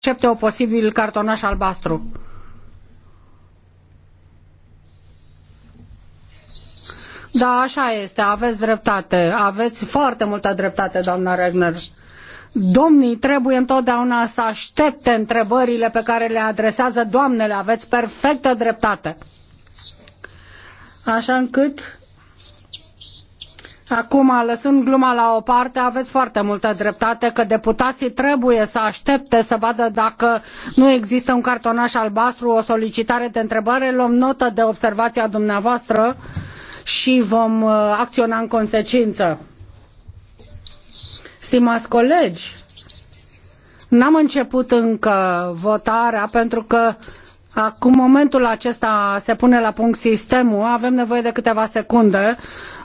accepte o posibil cartonaș albastru. Da, așa este, aveți dreptate, aveți foarte multă dreptate, doamna Regner. Domnii trebuie întotdeauna să aștepte întrebările pe care le adresează doamnele, aveți perfectă dreptate. Așa încât Acum, lăsând gluma la o parte, aveți foarte multă dreptate că deputații trebuie să aștepte să vadă dacă nu există un cartonaș albastru, o solicitare de întrebare. Luăm notă de observația dumneavoastră și vom uh, acționa în consecință. Stimați colegi, n-am început încă votarea pentru că Acum, momentul acesta se pune la punct sistemul. Avem nevoie de câteva secunde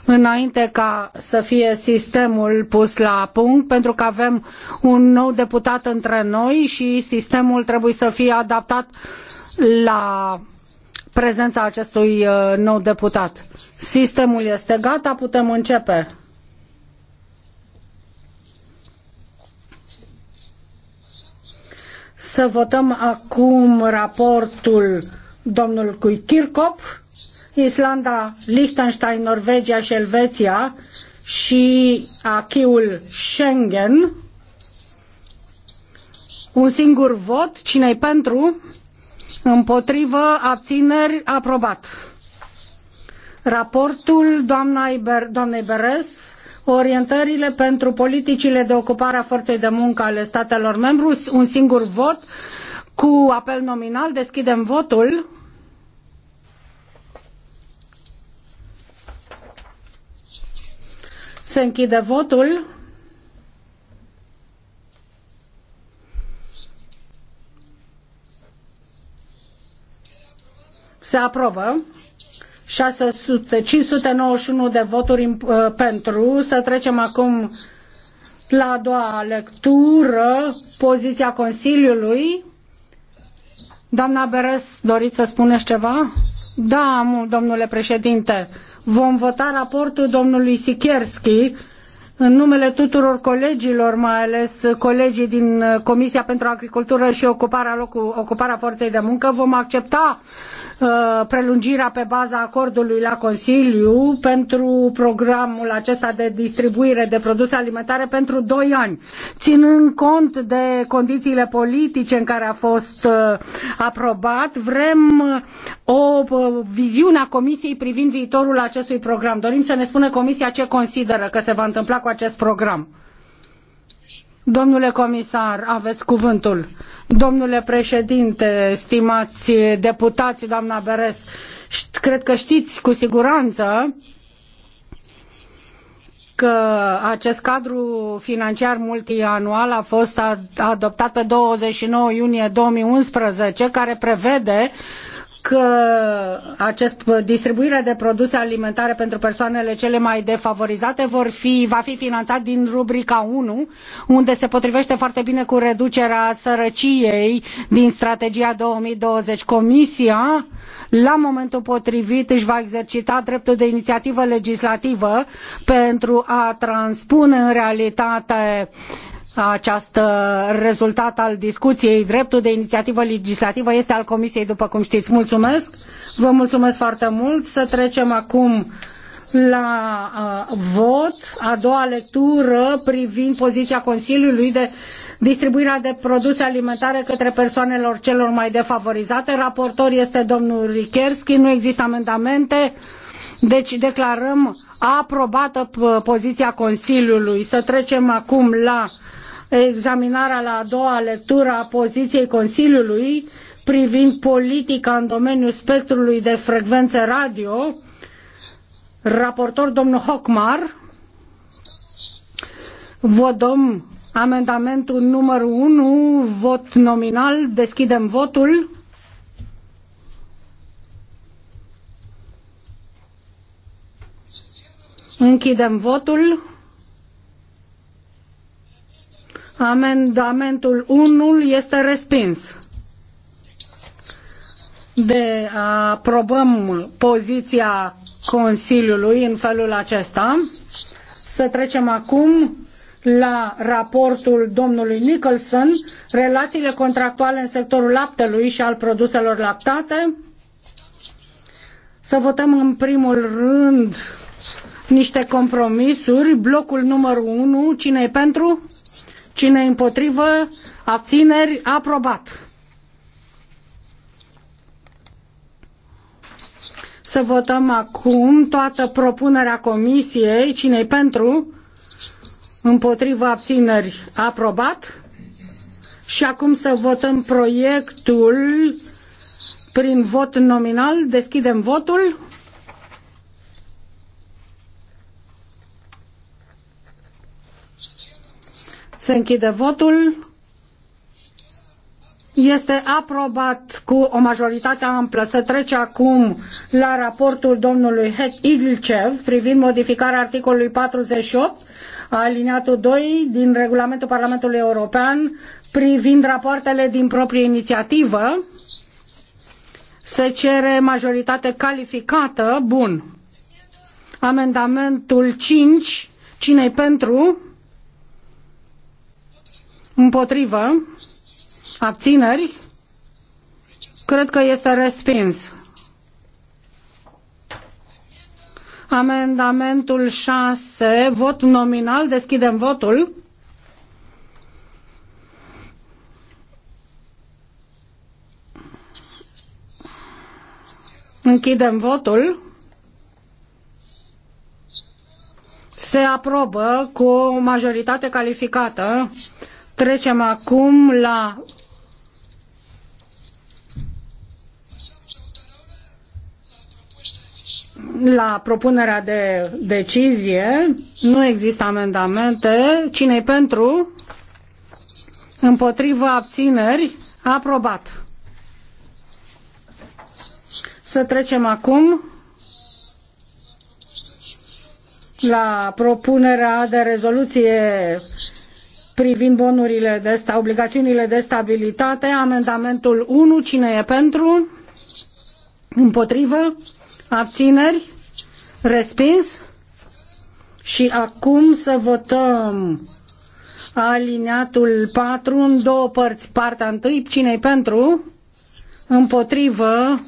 înainte ca să fie sistemul pus la punct, pentru că avem un nou deputat între noi și sistemul trebuie să fie adaptat la prezența acestui uh, nou deputat. Sistemul este gata, putem începe. să votăm acum raportul domnului Kirkop, Islanda, Liechtenstein, Norvegia și Elveția și achiul Schengen. Un singur vot, cine pentru? Împotrivă, abțineri, aprobat. Raportul doamnei Beres orientările pentru politicile de ocupare a forței de muncă ale statelor membru, un singur vot cu apel nominal. Deschidem votul. Se închide votul. Se aprobă. 600, 591 de voturi uh, pentru. Să trecem acum la a doua lectură, poziția Consiliului. Doamna Beres, doriți să spuneți ceva? Da, domnule președinte. Vom vota raportul domnului Sikierski în numele tuturor colegilor, mai ales colegii din uh, Comisia pentru Agricultură și Ocuparea, Locu- Ocuparea Forței de Muncă. Vom accepta Uh, prelungirea pe baza acordului la Consiliu pentru programul acesta de distribuire de produse alimentare pentru doi ani, ținând cont de condițiile politice în care a fost uh, aprobat, vrem uh, o viziune a Comisiei privind viitorul acestui program. Dorim să ne spună Comisia ce consideră că se va întâmpla cu acest program. Domnule comisar, aveți cuvântul. Domnule președinte, stimați deputați, doamna Beres, cred că știți cu siguranță că acest cadru financiar multianual a fost adoptat pe 29 iunie 2011, care prevede că acest, distribuirea de produse alimentare pentru persoanele cele mai defavorizate vor fi, va fi finanțat din rubrica 1, unde se potrivește foarte bine cu reducerea sărăciei din strategia 2020. Comisia, la momentul potrivit, își va exercita dreptul de inițiativă legislativă pentru a transpune în realitate acest rezultat al discuției. Dreptul de inițiativă legislativă este al Comisiei, după cum știți. Mulțumesc! Vă mulțumesc foarte mult! Să trecem acum la uh, vot a doua lectură privind poziția Consiliului de distribuirea de produse alimentare către persoanelor celor mai defavorizate. Raportor este domnul Richerski, nu există amendamente. Deci declarăm aprobată poziția Consiliului. Să trecem acum la examinarea la a doua lectură a poziției Consiliului privind politica în domeniul spectrului de frecvențe radio. Raportor domnul Hockmar, votăm amendamentul numărul 1, vot nominal, deschidem votul. Închidem votul. Amendamentul 1 este respins. De aprobăm poziția Consiliului în felul acesta. Să trecem acum la raportul domnului Nicholson, relațiile contractuale în sectorul laptelui și al produselor lactate. Să votăm în primul rând niște compromisuri. Blocul numărul 1, cine e pentru? Cine e împotrivă? Abțineri? Aprobat. Să votăm acum toată propunerea comisiei. cine e pentru? Împotriva abțineri? Aprobat. Și acum să votăm proiectul prin vot nominal. Deschidem votul. Se închide votul. Este aprobat cu o majoritate amplă. Să trece acum la raportul domnului Ilcev privind modificarea articolului 48 aliniatul 2 din regulamentul Parlamentului European privind rapoartele din proprie inițiativă. Se cere majoritate calificată. Bun. Amendamentul 5. Cine-i pentru? Împotrivă. Abțineri. Cred că este respins. Amendamentul 6, vot nominal, deschidem votul. Închidem votul. Se aprobă cu o majoritate calificată. Trecem acum la la propunerea de decizie. Nu există amendamente. Cine-i pentru? Împotrivă abțineri? Aprobat. Să trecem acum la propunerea de rezoluție privind bonurile de sta, obligațiunile de stabilitate, amendamentul 1, cine e pentru? Împotrivă? Abțineri? Respins? Și acum să votăm aliniatul 4 în două părți. Partea întâi, cine e pentru? Împotrivă?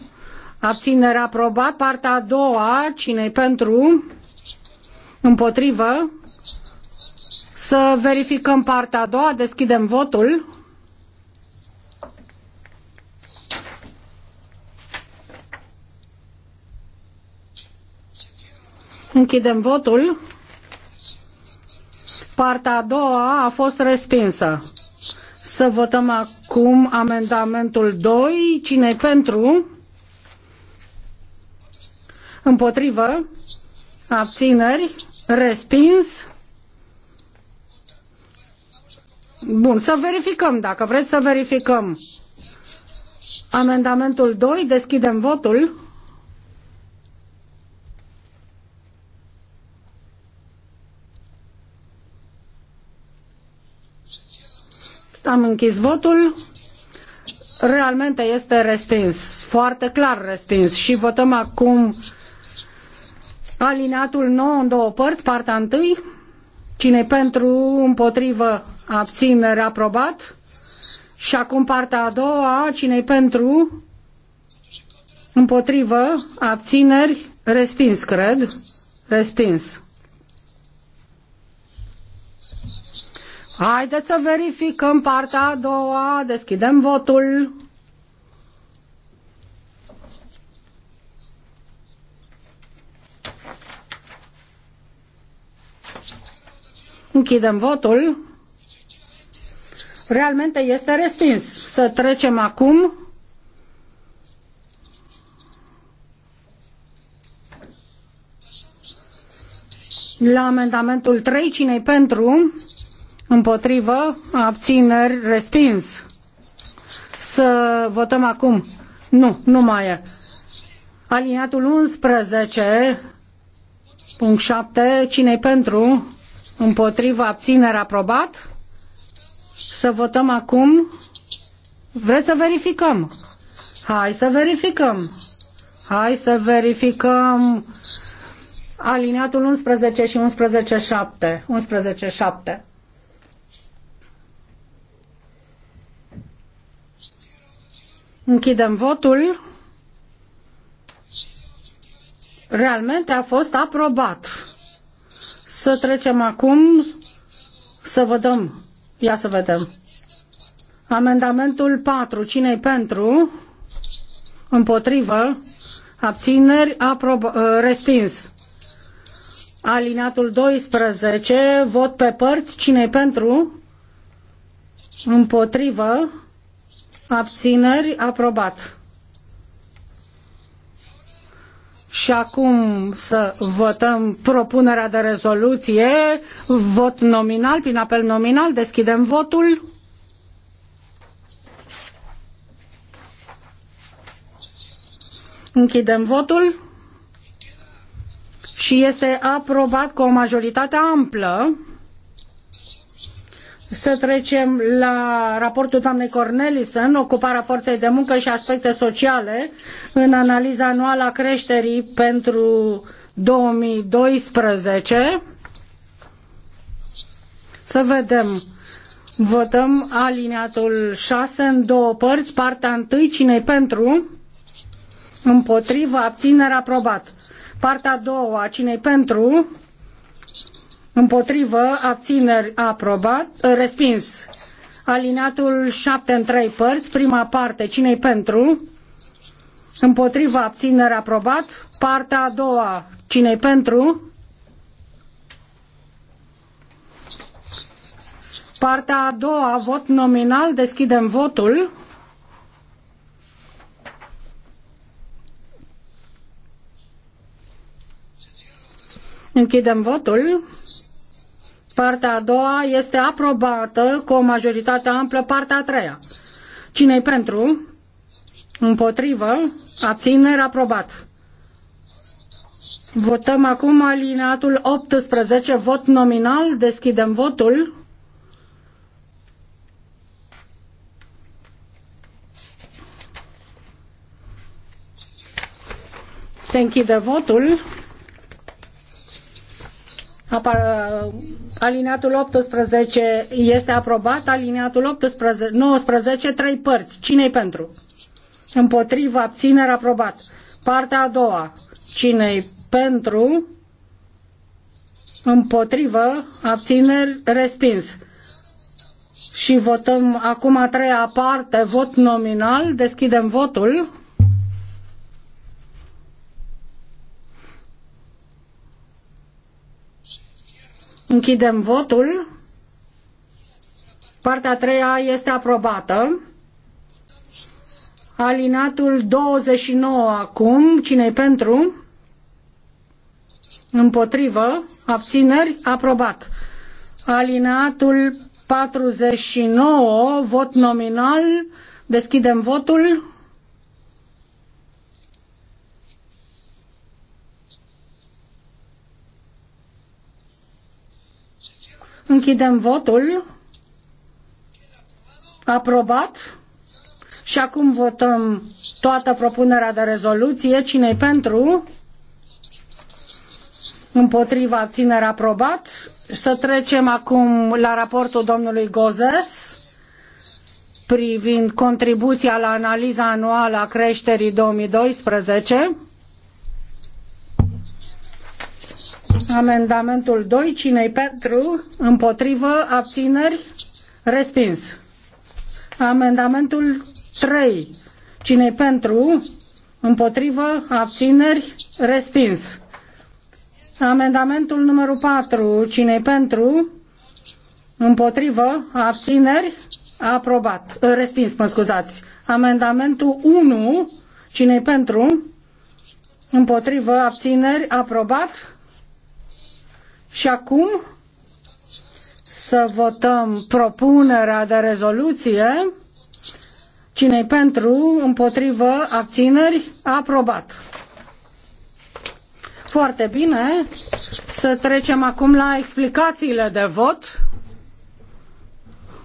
Abținere aprobat. Partea a doua, cine e pentru? Împotrivă? Să verificăm partea a doua, deschidem votul. Închidem votul. Partea a doua a fost respinsă. Să votăm acum amendamentul 2. cine pentru? Împotrivă? Abțineri? Respins? Bun, să verificăm, dacă vreți să verificăm. Amendamentul 2, deschidem votul. Am închis votul. Realmente este respins, foarte clar respins. Și votăm acum alineatul 9 în două părți, partea întâi cine pentru, împotrivă, abținere, aprobat. Și acum partea a doua, cine pentru, împotrivă, abțineri, respins, cred, respins. Haideți să verificăm partea a doua, deschidem votul. Închidem votul. Realmente este respins. Să trecem acum la amendamentul 3. cine pentru? Împotrivă? Abțineri? Respins. Să votăm acum. Nu, nu mai e. Aliniatul 11, punct 7, cine pentru? Împotrivă abținere aprobat. Să votăm acum. Vreți să verificăm? Hai să verificăm. Hai să verificăm aliniatul 11 și 11.7. 11.7. Închidem votul. Realmente a fost aprobat. Să trecem acum să vedem. Ia să vedem. Amendamentul 4. cine e pentru? Împotrivă? Abțineri? Aprob- uh, respins. Alineatul 12. Vot pe părți. cine e pentru? Împotrivă? Abțineri? Aprobat. și acum să votăm propunerea de rezoluție. Vot nominal, prin apel nominal, deschidem votul. Închidem votul și este aprobat cu o majoritate amplă să trecem la raportul doamnei Cornelison, ocuparea forței de muncă și aspecte sociale, în analiza anuală a creșterii pentru 2012. Să vedem. Votăm aliniatul 6 în două părți, partea întâi, cine pentru? Împotrivă, abținere, aprobat. Partea a doua, cine pentru? Împotrivă, abțineri, aprobat, respins. Alineatul 7 în trei părți, prima parte, cine pentru? Împotrivă, abțineri, aprobat. Partea a doua, cine pentru? Partea a doua, vot nominal, deschidem votul. Închidem votul. Partea a doua este aprobată cu o majoritate amplă. Partea a treia. Cine-i pentru? Împotrivă? Abțineri? Aprobat. Votăm acum alineatul 18, vot nominal. Deschidem votul. Se închide votul. Alineatul 18 este aprobat, alineatul 18, 19, trei părți. Cine-i pentru? Împotriva, abținere, aprobat. Partea a doua. Cine-i pentru? Împotrivă, abțineri, respins. Și votăm acum a treia parte, vot nominal, deschidem votul. Închidem votul. Partea a treia este aprobată. Alinatul 29 acum. Cine-i pentru? Împotrivă. Abțineri. Aprobat. Alinatul 49. Vot nominal. Deschidem votul. Închidem votul. Aprobat. Și acum votăm toată propunerea de rezoluție. Cine-i pentru? Împotriva ținerea aprobat. Să trecem acum la raportul domnului Gozes privind contribuția la analiza anuală a creșterii 2012. Amendamentul 2, cine pentru? Împotrivă, abțineri, respins. Amendamentul 3, cine pentru? Împotrivă, abțineri, respins. Amendamentul numărul 4, cine pentru? Împotrivă, abțineri, aprobat, respins, mă scuzați. Amendamentul 1, cine pentru? Împotrivă, abțineri, aprobat. Și acum să votăm propunerea de rezoluție. Cine-i pentru, împotrivă, abțineri, aprobat. Foarte bine. Să trecem acum la explicațiile de vot.